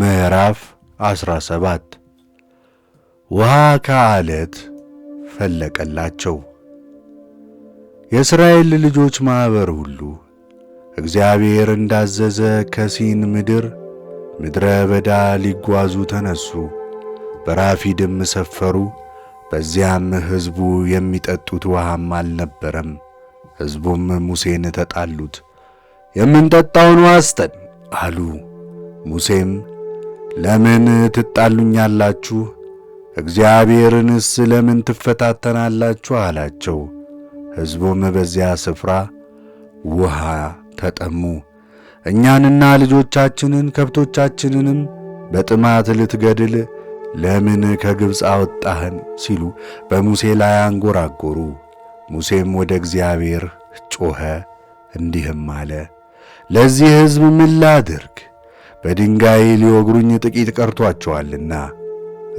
ምዕራፍ 17 ውሃ ከአለት ፈለቀላቸው። የእስራኤል ልጆች ማኅበር ሁሉ እግዚአብሔር እንዳዘዘ ከሲን ምድር ምድረ በዳ ሊጓዙ ተነሱ። በራፊድም ሰፈሩ። በዚያም ሕዝቡ የሚጠጡት ውሃም አልነበረም። ሕዝቡም ሙሴን ተጣሉት። የምንጠጣውን ዋስጠን አሉ። ሙሴም ለምን ትጣሉኛላችሁ? እግዚአብሔርንስ ለምን ትፈታተናላችሁ? አላቸው። ሕዝቡም በዚያ ስፍራ ውሃ ተጠሙ። እኛንና ልጆቻችንን ከብቶቻችንንም በጥማት ልትገድል ለምን ከግብፅ አወጣህን? ሲሉ በሙሴ ላይ አንጎራጎሩ። ሙሴም ወደ እግዚአብሔር ጮኸ፣ እንዲህም አለ፦ ለዚህ ሕዝብ ምን ላድርግ? በድንጋይ ሊወግሩኝ ጥቂት ቀርቷቸዋልና።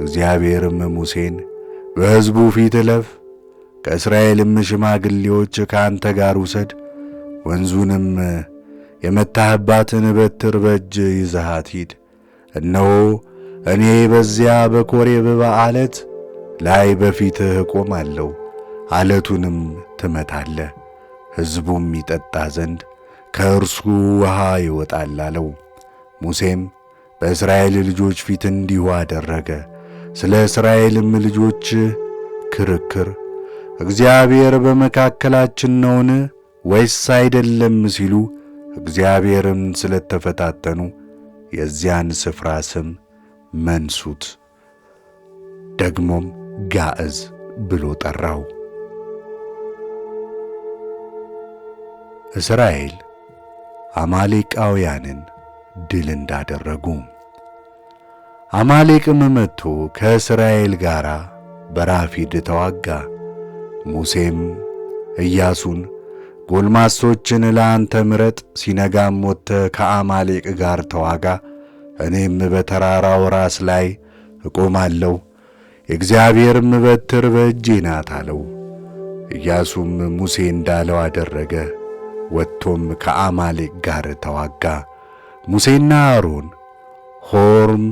እግዚአብሔርም ሙሴን በሕዝቡ ፊት እለፍ፣ ከእስራኤልም ሽማግሌዎች ከአንተ ጋር ውሰድ፣ ወንዙንም የመታህባትን በትር በእጅ ይዘሃት ሂድ። እነሆ እኔ በዚያ በኮሬብ በዓለት ላይ በፊትህ እቆማለሁ፣ ዓለቱንም ትመታለህ፣ ሕዝቡም ይጠጣ ዘንድ ከእርሱ ውሃ ይወጣል አለው። ሙሴም በእስራኤል ልጆች ፊት እንዲሁ አደረገ። ስለ እስራኤልም ልጆች ክርክር እግዚአብሔር በመካከላችን ነውን ወይስ አይደለም ሲሉ እግዚአብሔርን ስለተፈታተኑ የዚያን ስፍራ ስም መንሱት፣ ደግሞም ጋዕዝ ብሎ ጠራው። እስራኤል አማሌቃውያንን ድል እንዳደረጉ አማሌቅም መጥቶ ከእስራኤል ጋር በራፊድ ተዋጋ። ሙሴም ኢያሱን ጎልማሶችን ለአንተ ምረጥ፣ ሲነጋም ወጥተህ ከአማሌቅ ጋር ተዋጋ፣ እኔም በተራራው ራስ ላይ እቆማለሁ፣ የእግዚአብሔርም በትር በእጄ ናት አለው። ኢያሱም ሙሴ እንዳለው አደረገ፣ ወጥቶም ከአማሌቅ ጋር ተዋጋ። ሙሴና አሮን ሆርም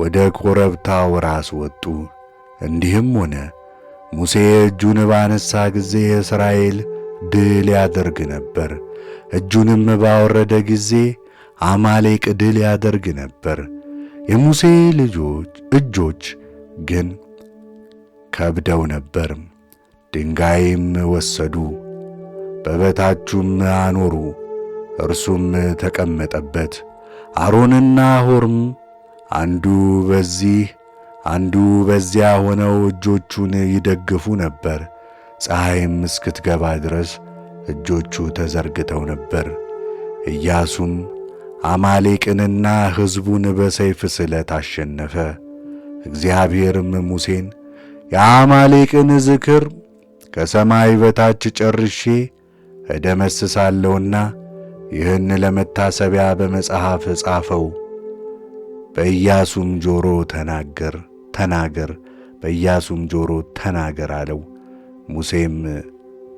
ወደ ኮረብታው ራስ ወጡ። እንዲህም ሆነ ሙሴ እጁን ባነሳ ጊዜ እስራኤል ድል ያደርግ ነበር። እጁንም ባወረደ ጊዜ አማሌቅ ድል ያደርግ ነበር። የሙሴ ልጆች እጆች ግን ከብደው ነበር። ድንጋይም ወሰዱ፣ በበታቹም አኖሩ። እርሱም ተቀመጠበት። አሮንና ሆርም አንዱ በዚህ አንዱ በዚያ ሆነው እጆቹን ይደግፉ ነበር። ፀሐይም እስክትገባ ድረስ እጆቹ ተዘርግተው ነበር። ኢያሱም አማሌቅንና ሕዝቡን በሰይፍ ስለት አሸነፈ። እግዚአብሔርም ሙሴን የአማሌቅን ዝክር ከሰማይ በታች ጨርሼ እደመስሳለሁና ይህን ለመታሰቢያ በመጽሐፍ ጻፈው፣ በኢያሱም ጆሮ ተናገር ተናገር በኢያሱም ጆሮ ተናገር አለው። ሙሴም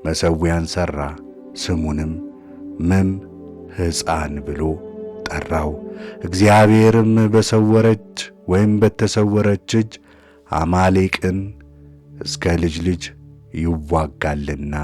መሠዊያን ሠራ፣ ስሙንም ምም ሕፃን ብሎ ጠራው። እግዚአብሔርም በሰወረች ወይም በተሰወረች እጅ አማሌቅን እስከ ልጅ ልጅ ይዋጋልና